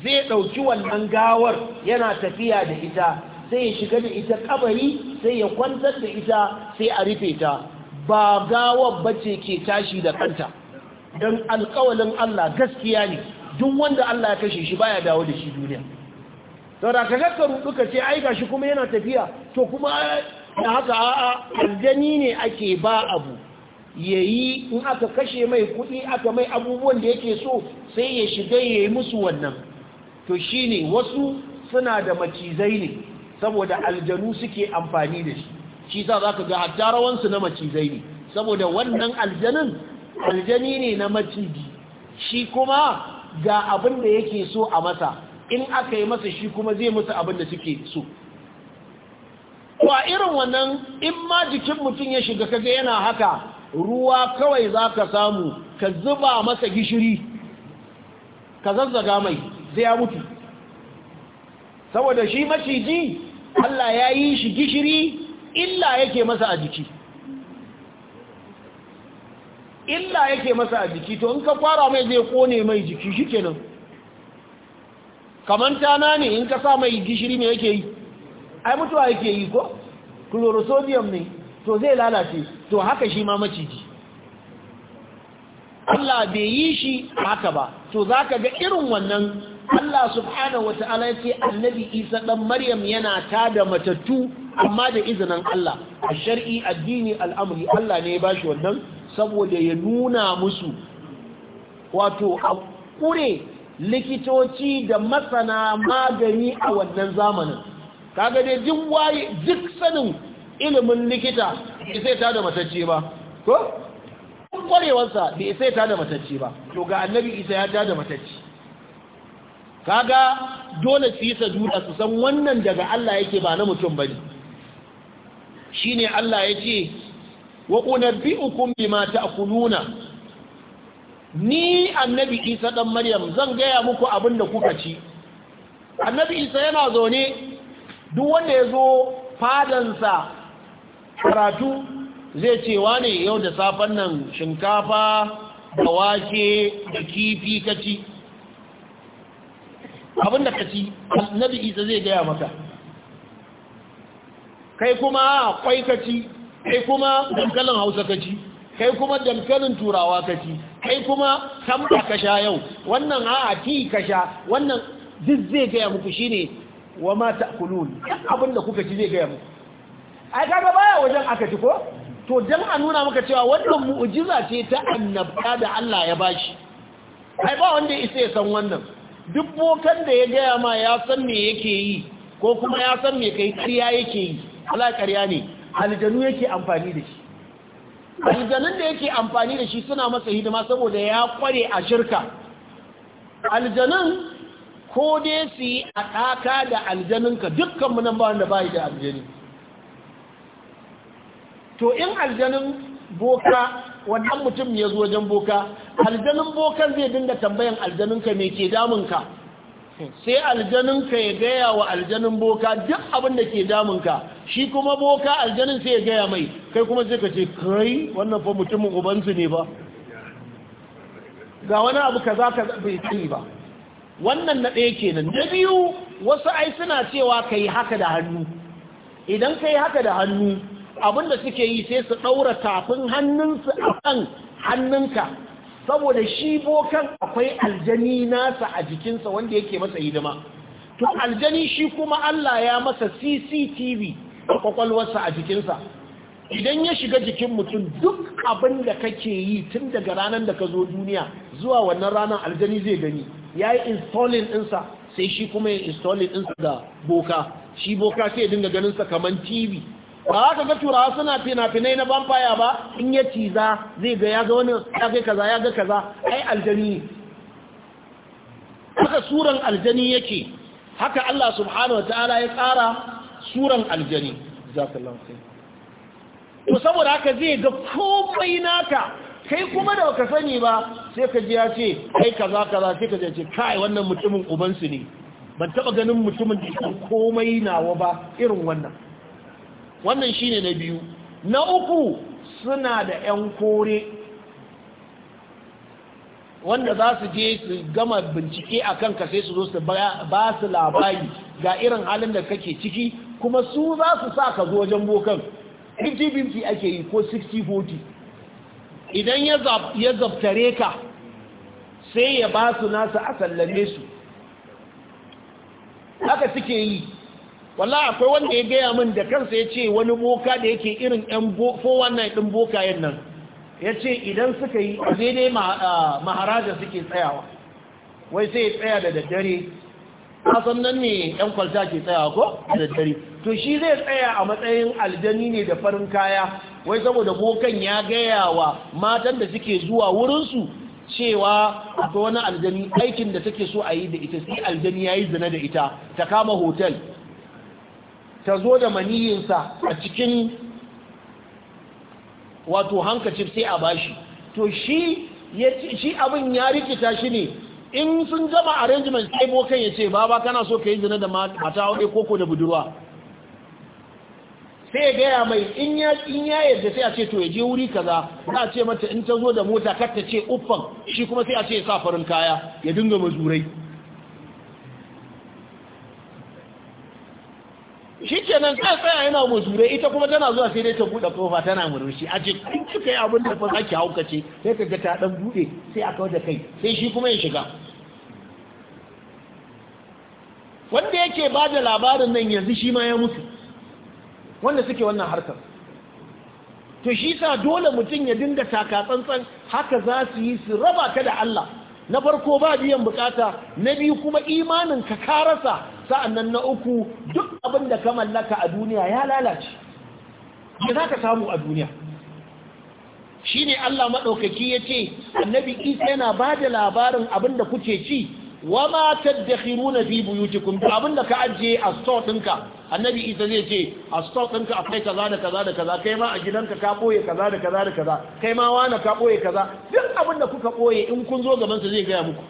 zai ɗauki wannan gawar yana tafiya da ita sai ya shiga da ita kabari sai ya kwantar da ita sai a rufe ta ba gawar bace ke tashi da kanta don alkawalin Allah gaskiya ne duk wanda Allah ya kashe shi baya dawo da shi duniya da ka kakkaru duka ce ai gashi kuma yana tafiya to kuma da haka a'a aljani ne ake ba abu ya yi in aka kashe mai kuɗi aka mai abubuwan da yake so sai ya shiga ya yi musu wannan to shi ne wasu suna da macizai ne saboda aljanu suke amfani da shi shi za za ka ga hatta na macizai ne saboda wannan aljanin aljani ne na maciji shi kuma ga abin da yake so a masa in aka yi masa shi kuma zai musu abin da suke so Kwa irin wannan in ma jikin mutum ya shiga kaga yana haka ruwa kawai za ka samu ka zuba masa gishiri ka zazzaga mai zai ya mutu saboda shi maciji Allah ya yi shi gishiri illa yake masa a jiki illa yake masa a jiki to in ka fara mai zai kone mai jiki shi ke nan. Kamanta na ne in ka sa mai gishiri mai yake yi ai mutuwa yake yi ko chlorosodium ne to zai lalace to haka shi ma maciji Allah bai yi shi haka ba to zaka ga irin wannan Allah subhanahu wata'ala ce, annabi Isa dan Maryam yana ta da matattu amma da izinin Allah a shar'i addini al'amri Allah ne ya bashi wannan saboda ya nuna musu wato a kure likitoci da masana magani a wannan zamanin kaga dai duk waye duk sanin ilimin likita bai sai ta da matacce ba ko kwarewarsa bai sai ta da matacce ba to ga annabi isa ya ta da matacce kaga dole su yi saduda su san wannan daga Allah yake ba na mutum bane shine Allah ce wa unabbiukum bima ta'kuluna ni annabi isa dan maryam zan gaya muku abin da kuka ci annabi isa yana zaune duk wanda ya zo fadansa karatu zai cewa ne yau da safen nan shinkafa da wake da kifi kaci abinda kaci nabi isa zai gaya maka kai kuma kwai kaci kai kuma dankalin hausa kaci kai kuma dankalin turawa kaci kai kuma tamba ka sha yau wannan a'a ti ka sha wannan duk zai gaya muku shine wa ma ta'kulun abinda kuka ci zai gaya muku ai kaga baya wajen aka ci ko to dan a nuna maka cewa wannan mu'jiza ce ta annabta da Allah ya bashi ai ba wanda isa ya san wannan duk bokan da ya gaya ma ya san me yake yi ko kuma ya san me kai kariya yake yi Allah kariya ne aljanu yake amfani da shi aljanun da yake amfani da shi suna masa hidima saboda ya kware a shirka aljanun ko dai su yi a ɗaka da aljanunka dukkan munan ba wanda ba da aljani to in aljanin boka wannan mutum ya zo wajen boka aljanin bokan zai dinga tambayan aljaninka mai ke damunka sai aljaninka ya gaya wa aljanin boka duk abin da ke ka. shi kuma boka aljanin sai ya gaya mai kai kuma sai ka ce kai wannan fa mutumin ubansu ne ba ga wani abu kaza ka bai kai ba wannan na ɗaya kenan na biyu wasu ai suna cewa ka yi haka da hannu idan ka yi haka da hannu abinda suke yi sai su ɗaura tafin hannunsu a kan hannunka saboda shi bokan akwai aljani nasa a jikinsa wanda yake masa hidima to aljani shi kuma Allah ya masa CCTV a kwakwalwarsa a jikinsa idan ya shiga jikin mutum duk abin da kake yi tun daga ranar da ka zo duniya zuwa wannan ranar aljani zai gani ya yi installing ɗinsa sai shi kuma ya installing ɗinsa da boka shi boka sai ya dinga ganinsa kamar tv ba ka ga turawa suna fina-finai na bamfaya ba in ya ciza zai ga ya ga wani ya ga kaza ya ga kaza ai aljani haka suran aljani yake haka Allah subhanahu wataala ya tsara suran aljani jazakallahu khair to saboda haka zai ga komai naka kai kuma da ka sani ba sai ka ji ya ce kai kaza kaza sai ka ce kai wannan mutumin ubansu ne ban taba ganin mutumin da komai nawa ba irin wannan wannan shi ne na biyu na uku suna da 'yan kore wanda za su je su gama bincike a kan sai su zo su ba su labari ga irin halin da kake ciki kuma su za su sa ka zo wajen bokan 50-50 ake yi ko 60-40 idan ya zaftare ka sai ya ba su nasa a sallame su haka suke yi Wala akwai wanda ya gaya min da kansa ya ce wani boka da yake irin yan 419 ɗin yin nan ya ce idan suka yi daidai maharaja suke tsayawa wai sai tsaya da daddare kasan nan ne yan kwalta ke tsayawa ko da daddare to shi zai tsaya a matsayin aljani ne da farin kaya wai saboda bokan ya gaya wa matan da suke zuwa wurinsu cewa akwai wani aljani aikin da take so a yi da ita sai aljani ya yi zina da ita ta kama hotel ta zo da maniyinsa a cikin wato hankacin sai a bashi to shi shi abin ya rikita shi ne in sun gama arrangement sai bokan ya ce baba kana so ka yi zina da mata aure koko da budurwa sai gaya mai in ya yarda sai a ce to ya je wuri kaza za a ce mata in ta zo da mota kar ta ce uffan shi kuma sai a ce ya sa farin kaya ya dinga mazurai shi nan zai tsaya yana muzurai ita kuma tana zuwa sai dai ta buɗe kofa tana murushi a ce kun yi abin da fa zaki haukace sai ka ga ta dan buɗe sai a kawar da kai sai shi kuma ya shiga wanda yake ba da labarin nan yanzu shi ma ya mutu wanda suke wannan harkar to shi sa dole mutum ya dinga taka tsantsan haka za su yi su raba ka da Allah na farko ba biyan bukata na biyu kuma imanin ka karasa sa'annan na uku duk abin da ka mallaka a duniya ya lalace ya za ka samu a duniya shi ne Allah maɗaukaki ya ce annabi isa yana ba da labarin abin da kuke ci wa ma tadakhiruna fi buyutikum da abinda ka ajiye a store ɗinka annabi isa zai ce a store ɗinka akwai kaza da kaza da kaza kai ma a gidanka ka boye kaza da kaza da kaza kai ma wani ka boye kaza duk abinda kuka boye in kun zo gaban sa zai gaya muku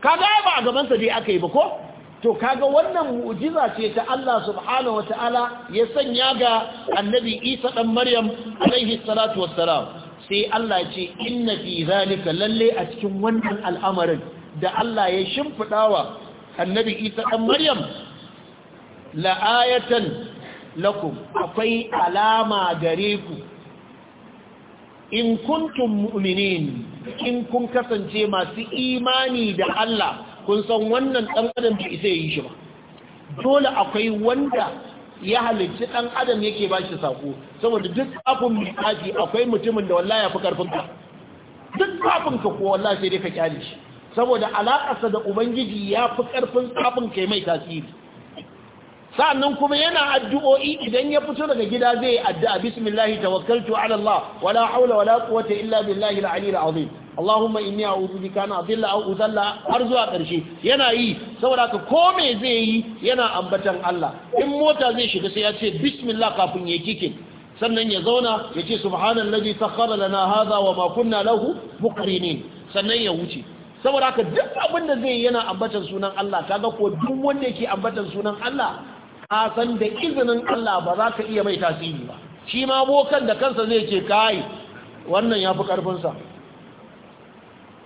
kaga ba a gaban sa dai aka yi ba ko to kaga wannan mu'jiza ce ta Allah subhanahu wataala ya sanya ga annabi isa dan maryam alaihi salatu wassalam sai Allah ya ce inna fi zalika lalle a cikin wannan al'amarin da Allah ya shimfiɗa wa annabi isa ɗan maryam la'ayatan lakum akwai alama gare ku in kuntum mu'minin in kun kasance masu imani da Allah kun san wannan ɗan adam bai isa yi shi ba dole akwai wanda ya halicci ɗan adam yake ba shi sako saboda duk abin mai akwai mutumin da wallahi ya fi ƙarfinka. duk abin ka ko wallahi sai dai ka kyale shi saboda alaƙarsa da ubangiji ya fi ƙarfin tsafin kai mai tasiri sa'annan kuma yana addu'o'i idan ya fito daga gida zai addu'a bismillahi tawakkaltu ala Allah wala haula wala quwwata illa billahi al-ali al-azim Allahumma inni a'udhu bika an adilla aw uzalla har zuwa ƙarshe. yana yi saboda ka ko me zai yi yana ambatan Allah in mota zai shiga sai ya ce bismillah kafin ya kike sannan ya zauna ya ce subhanallazi sakhkhara lana hadha wa ma kunna lahu muqrinin sannan ya wuce saboda haka duk abin da zai yana ambatan sunan Allah kaga ko duk wanda yake ambatan sunan Allah ka san da izinin Allah ba za ka iya mai tasiri ba shi ma bokan da kansa zai ce kai wannan ya fi ƙarfinsa.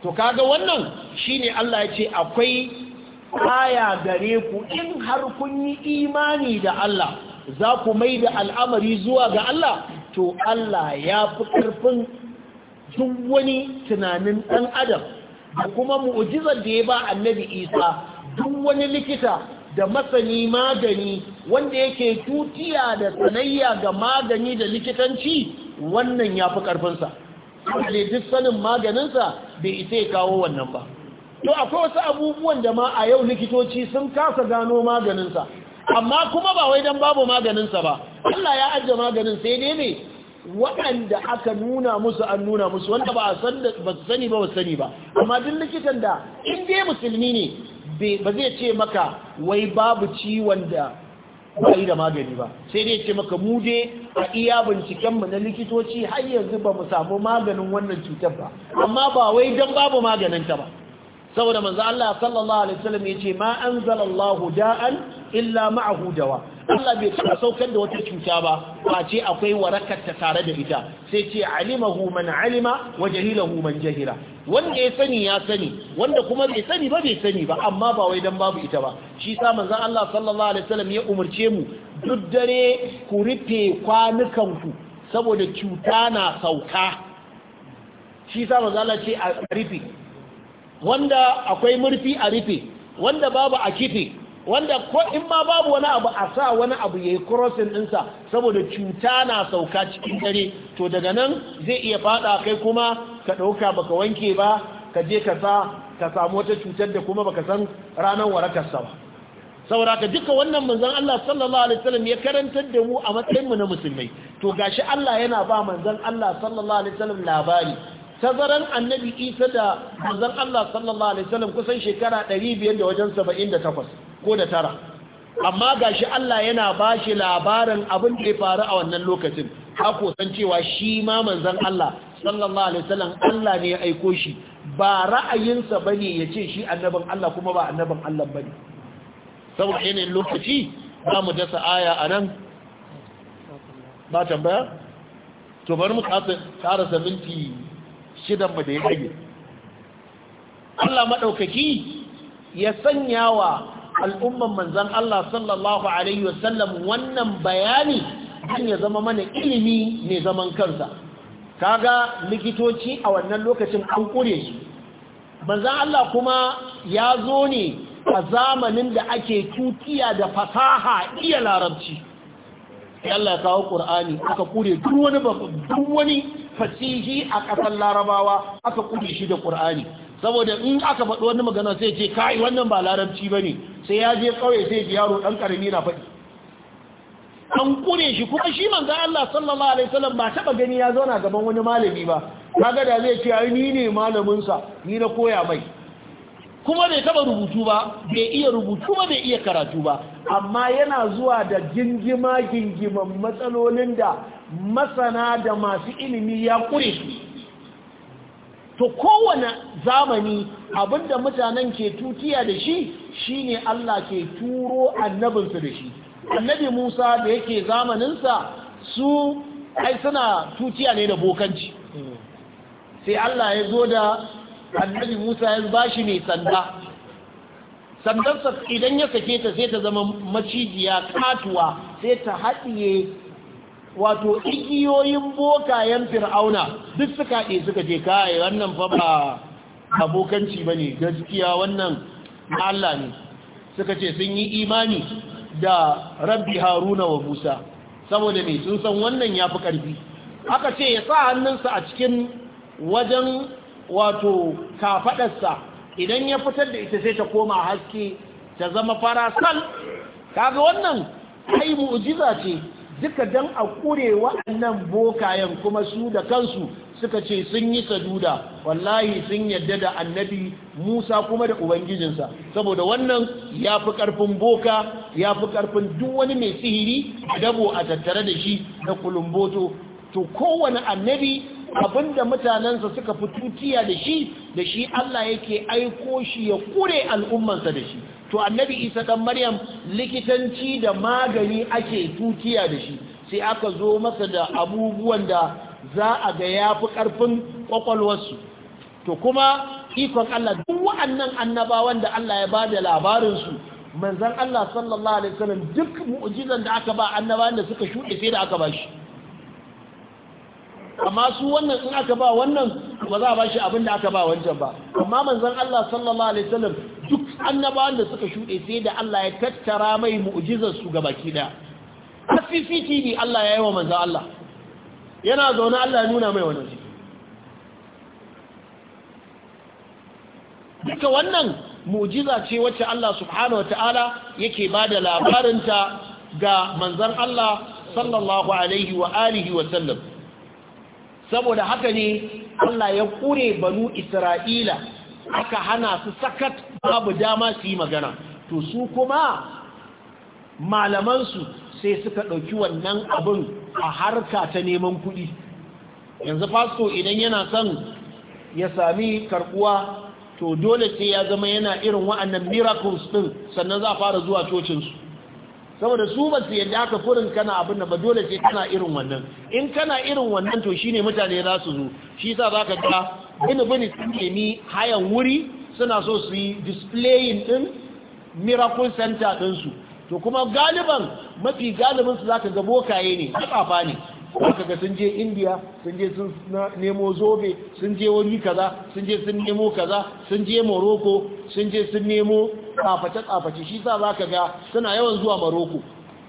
to kaga wannan shine Allah ya ce akwai aya gare ku in har kun yi imani da Allah za ku mai da al'amari zuwa ga Allah to Allah ya fi karfin duk wani tunanin ɗan adam da kuma mu'ujizar da ya ba annabi isa duk wani likita da masani magani wanda yake tutiya da sanayya ga magani da likitanci wannan ya fi ƙarfinsa wanda duk sanin maganinsa bai isa ya kawo wannan ba to akwai wasu abubuwan da ma a yau likitoci sun kasa gano maganinsa amma kuma ba wai don babu maganinsa ba Allah ya ajiye maganin sai dai ne waɗanda aka nuna musu an nuna musu wanda ba su sani ba ba sani ba amma duk likitan da in dai musulmi ne ba zai ce maka wai babu ciwon da ba yi da magani ba sai dai ce maka mu dai a iya binciken mu na likitoci har yanzu ba mu samu maganin wannan cutar ba amma ba wai dan babu maganin ta ba saboda manzo Allah sallallahu alaihi wasallam yace ma anzalallahu da'an illa ma'ahu dawa Allah bai taɓa saukar da wata cuta ba face akwai warakar ta tare da ita sai ce alimahu man alima wa jahilahu man jahila wanda ya sani ya sani wanda kuma bai sani ba bai sani ba amma ba wai dan babu ita ba shi sa Allah sallallahu alaihi wasallam ya umurce mu duk dare ku rufe kwanukan ku saboda cuta na sauka shi sa manzon Allah ce a rufe wanda akwai murfi a rufe wanda babu a kife wanda ko in ma babu wani abu a sa wani abu yayi yi crossing dinsa saboda cuta na sauka cikin dare to daga nan zai iya fada kai kuma ka ɗauka baka wanke ba ka je ka sa ka samu wata cutar da kuma baka san ranar sa ba saboda ka duka wannan manzon Allah sallallahu alaihi wasallam ya karantar da mu a matsayin mu na musulmai to gashi Allah yana ba manzon Allah sallallahu alaihi wasallam labari tazaran annabi isa da manzon Allah sallallahu alaihi wasallam kusan shekara 500 da wajen 78 ko da tara amma gashi Allah yana bashi labarin abin da ya faru a wannan lokacin hako san cewa shi ma manzon Allah sallallahu alaihi wasallam Allah ne ya aiko shi ba ra'ayinsa bane yace shi annabin Allah kuma ba annabin Allah bane saboda yanayin lokaci za mu dasa aya anan ba tambaya to bari mu karasa minti shidan mu da ya rage Allah maɗaukaki ya sanya wa al'umman manzan Allah sallallahu Alaihi wasallam wannan bayani don ya zama mana ilimi ne zaman kansa. Kaga likitoci a wannan lokacin an ƙure su. Manzan Allah kuma ya zo ne a zamanin da ake tutiya da fasaha iya larabci. Allah ya kawo ƙur'ani aka ƙure duk wani fasihi a ƙasar larabawa aka kuɗi shi da ƙur'ani saboda in aka faɗi wani magana sai ce kai wannan ba larabci ba ne sai ya je ƙauye sai ji yaro ɗan ƙarami na faɗi an ƙure shi kuma shi manzo Allah sallallahu alaihi wasallam ba taɓa gani ya zauna gaban wani malami ba kaga da zai ce ai ni ne malamin sa ni na koya mai kuma bai taɓa rubutu ba bai iya rubutu ba bai iya karatu ba amma yana zuwa da gingima gingiman matsalolin da masana da masu ilimi ya kure su to kowane zamani abinda mutanen ke tutiya da shi shine Allah ke turo annabinsa da shi annabi Musa da yake zamaninsa su ai suna tutiya ne da bokanci sai Allah ya zo da annabi Musa ya ba shi mai sanda sandarsa idan ya sake ta sai ta zama macijiya katuwa sai ta haɗiye wato igiyoyin bokayen fir'auna duk suka ɗe suka ce, kai wannan fa ba abokanci bane gaskiya wannan Allah ne suka ce sun yi imani da rabbi haruna wa musa saboda mai sun san wannan ya fi ƙarfi aka ce ya sa hannunsa a cikin wajen wato kafaɗarsa idan ya fitar da ita sai ta koma haske ta zama fara sal kaga wannan ai mu'jiza ce duka don a ƙure wa'annan bokayen kuma su da kansu suka ce sun yi saduda wallahi sun yadda da annabi musa kuma da ubangijinsa saboda wannan ya fi ƙarfin boka ya fi ƙarfin duk wani mai sihiri dabo a tattare da shi da kulumboto to kowane annabi abinda mutanensa suka fi tutiya da shi da shi allah yake aiko shi ya ƙure al'ummansa da shi to annabi isa dan maryam likitanci da magani ake tutiya da shi sai aka zo masa da abubuwan da za a ga ya fi ƙarfin su. to kuma ikon Allah duk wa'annan annabawan da Allah ya ba da labarinsu manzon Allah sallallahu alaihi wasallam duk mu'jizan da aka ba annabawan da suka shuɗe sai da aka ba shi amma su wannan in aka ba wannan ba za a ba shi abin da aka ba wancan ba amma manzon Allah sallallahu alaihi wasallam duk annabawan da suka shuɗe sai da Allah ya tattara mai mu'jizar su ga baki da CCTV Allah ya yi wa manzon Allah yana zaune Allah ya nuna mai wani shi duka wannan mu'jiza ce wacce Allah subhanahu wataala yake bada labarinta ga manzon Allah sallallahu alaihi wa alihi wa sallam saboda haka ne Allah ya kure banu Isra'ila aka hana su sakat babu dama su yi magana to su kuma malamansu sai suka ɗauki wannan abin a harka ta neman kuɗi yanzu fasto idan yana son ya sami karɓuwa to dole sai ya zama yana irin wa'annan miracles ɗin sannan za a fara zuwa cocinsu saboda su ba su yadda aka furin kana abin da ba dole ce kana irin wannan in kana irin wannan to shine mutane za su zo shi yasa ka ga bini sun nemi hayan wuri suna so su yi displaying din miracle center din to kuma galiban mafi galibin su zaka ga bokaye ne tsafa ne zaka ga sun je India sun je sun nemo zobe sun je wani kaza sun je sun nemo kaza sun je Morocco sun je sun nemo tsaface-tsaface shi sa za ka ga suna yawan zuwa maroko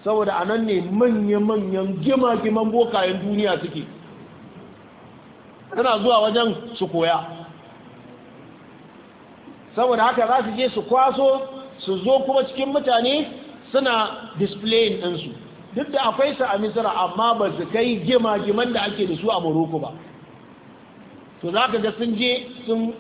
saboda a nan ne manya-manyan gima-giman bokayen duniya suke suna zuwa wajen su koya saboda haka za su je su kwaso su zo kuma cikin mutane suna displayin ɗinsu duk da akwai su a misira amma ba su kai gima-giman da ake da su a maroko ba to za ka ga sun je sun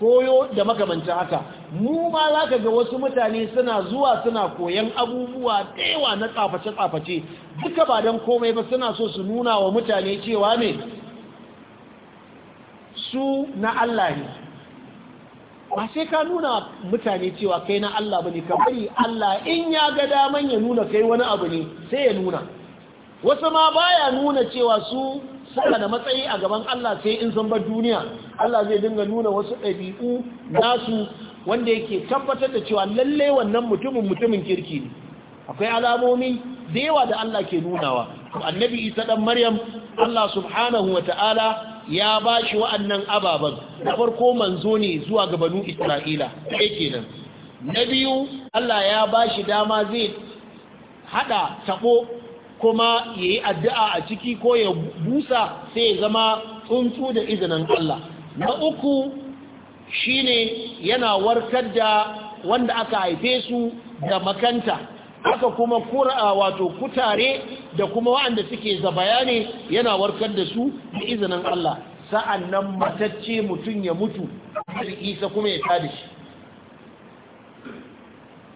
koyo da makamancin haka mu ma za ka ga wasu mutane suna zuwa suna koyan abubuwa da na tsaface-tsaface duka ba don komai ba suna so su nuna wa mutane cewa ne su na Allah ne ba sai ka nuna mutane cewa kai na Allah ba ne ka Allah in ya ga daman ya nuna kai wani abu ne sai ya nuna wasu ma baya nuna cewa su suna da matsayi a gaban Allah sai in san bar duniya Allah zai dinga nuna wasu ɗabi'u nasu wanda yake tabbatar da cewa lalle wannan mutumin mutumin kirki ne akwai alamomi da yawa da Allah ke nunawa annabi isa dan maryam Allah subhanahu wata'ala ya bashi wa'annan ababan na farko manzo ne zuwa ga banu isra'ila sai kenan na biyu Allah ya bashi dama zai hada tabo kuma yayi addu'a a ciki ko ya busa sai ya zama tsuntsu da izinin Allah na uku Shi ne yana warkar da wanda aka haife su da makanta haka kuma kura wato kutare da kuma wa'anda suke zabaya ne yana warkar da su da izinin Allah sa'annan matacce mutum ya mutu isa kuma ya tada shi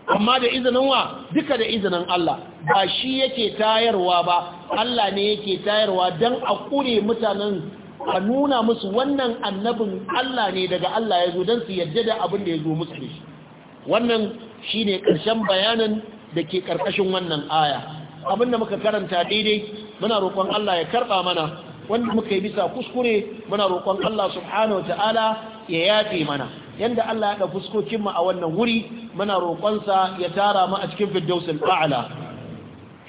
amma da izinin wa duka da izinin Allah ba shi yake tayarwa ba Allah ne yake tayarwa don a kure mutanen a nuna musu wannan annabin Allah ne daga Allah ya zo don su yadda da abin da ya zo musu da shi wannan shi ne ƙarshen bayanin da ke ƙarƙashin wannan aya abin da muka karanta daidai muna roƙon Allah ya karɓa mana wanda muka yi bisa kuskure muna roƙon Allah subhanahu ta'ala ya yafe mana yanda Allah ya ɗa fuskokinmu a wannan wuri muna roƙonsa ya tara mu a cikin firdausul a'la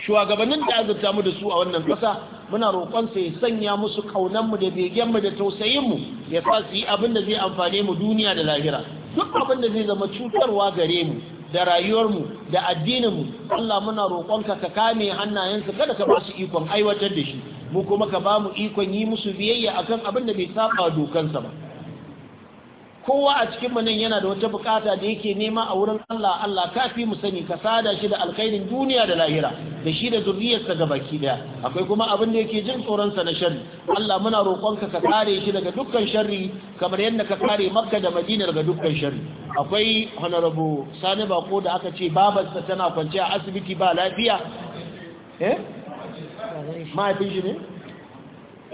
shugabannin da azurta mu da su a wannan ƙasa muna roƙonsa ya sanya musu mu da begen mu da tausayin mu ya sa su yi abin da zai amfane mu duniya da lahira duk abin da zai zama cutarwa gare mu da rayuwarmu da addinin mu, Allah muna roƙonka ka kame hannayensa kada ka ba su ikon aiwatar da shi mu kuma ka ba mu ikon yi musu biyayya akan abin da bai saba dokansa ba kowa a cikin mu nan yana da wata bukata da yake nema a wurin Allah Allah kafi mu sani ka sada shi da alkhairin duniya da lahira da shi da zuriyarsa ga baki daya akwai kuma abin da yake jin tsoron sa na sharri Allah muna roƙonka ka kare shi daga dukkan sharri kamar yadda ka kare Makka da Madina daga dukkan sharri akwai honorable Sani Bako da aka ce sa tana kwanciya a asibiti ba lafiya eh ne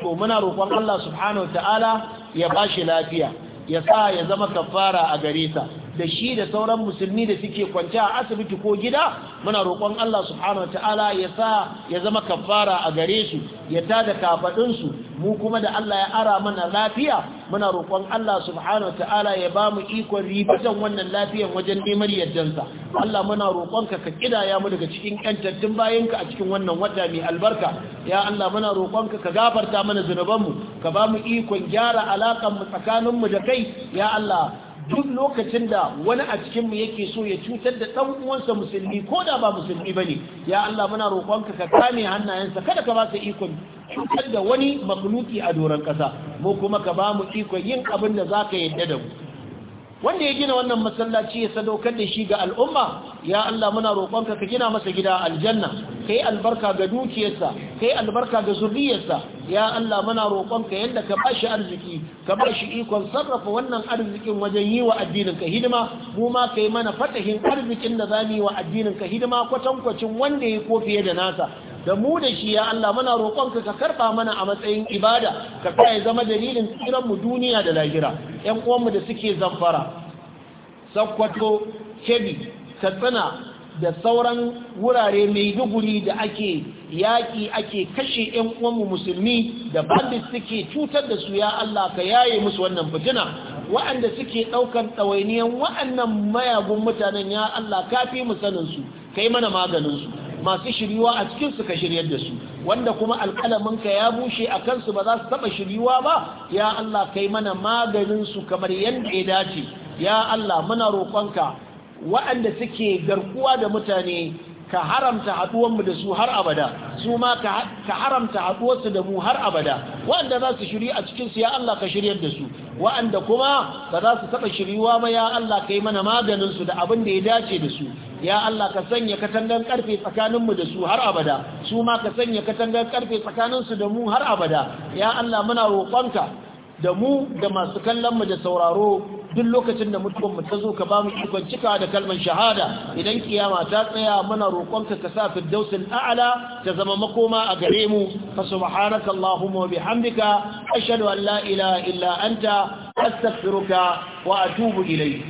to muna roƙon Allah subhanahu wa ta'ala ya bashi lafiya ya sa ya zama kafara a gare ta da shi da sauran musulmi da suke kwance a asibiti ko gida muna roƙon Allah subhanahu ta'ala ya sa ya zama kafara a gare su ya tada kafadun su mu kuma da Allah ya ara mana lafiya muna roƙon Allah subhanahu ta'ala ya ba mu ikon ribatan wannan lafiyan wajen neman yardansa Allah muna roƙon ka ka kidaya mu daga cikin kantattun bayan ka a cikin wannan wata mai albarka ya Allah muna roƙon ka ka gafarta mana zunubanmu ka ba mu ikon gyara alakan mu tsakanin mu da kai ya Allah duk lokacin da wani a cikinmu yake so ya cutar da ɗan uwansa musulmi ko da ba musulmi ba ne ya Allah muna roƙonka ka kame hannayensa kada ka ba su ikon cutar da wani makuluki a doron ƙasa mu kuma ka ba mu ikon yin abin da za ka yadda da mu wanda ya gina wannan masallaci ya sadaukar da shi ga al'umma ya Allah muna roƙonka ka gina masa gida aljanna kai albarka ga dukiyarsa kai albarka ga zuriyarsa ya Allah muna roƙonka yadda ka ba shi arziki ka bashi ikon sarrafa wannan arzikin wajen yi wa addinin ka hidima mu ma kai mana fatahin arzikin da zamu yi wa addinin ka hidima kwatankwacin wanda ya ko fiye da nasa da mu da shi ya Allah muna roƙonka ka karɓa mana a matsayin ibada ka sa ya zama dalilin tsiran mu duniya da lahira ƴan uwanmu da suke zamfara sakkwato kebi katsina da sauran wurare mai duguri da ake yaƙi ake kashe ‘yan uwanmu musulmi da bandit suke cutar da su ya Allah ka yaye musu wannan fitina wa'anda suke ɗaukan ɗawainiyan wa'annan mayagun mutanen ya Allah ka fi mu saninsu kai mana maganinsu masu shiriwa a cikin su ka shiryar da su wanda kuma ka ya bushe a kansu ba za su taɓa shiriwa ba ya Allah kai mana maganinsu kamar yadda ya dace ya Allah muna roƙonka wa'anda suke garkuwa da mutane ka haramta haɗuwanmu da su har abada su ma ka haramta haɗuwarsu da mu har abada wa'anda za su shiri a cikinsu ya Allah ka shiryar da su wa'anda kuma ba za su taɓa shiriwa ba ya Allah ka yi mana maganinsu da abin da ya dace da su ya Allah ka sanya katangan karfe tsakaninmu da su har abada su ma ka sanya katangar karfe tsakaninsu da mu har abada ya Allah muna roƙonka da mu da masu kallon mu da sauraro duk lokacin da mutuwan mu ta zo ka ba mu ikon cika da kalman shahada idan kiyama ta tsaya muna roƙonka ka sa firdausul a'la ta zama makoma a gare mu fa subhanaka allahumma wa bihamdika ashhadu an la ilaha illa anta astaghfiruka wa atubu ilayk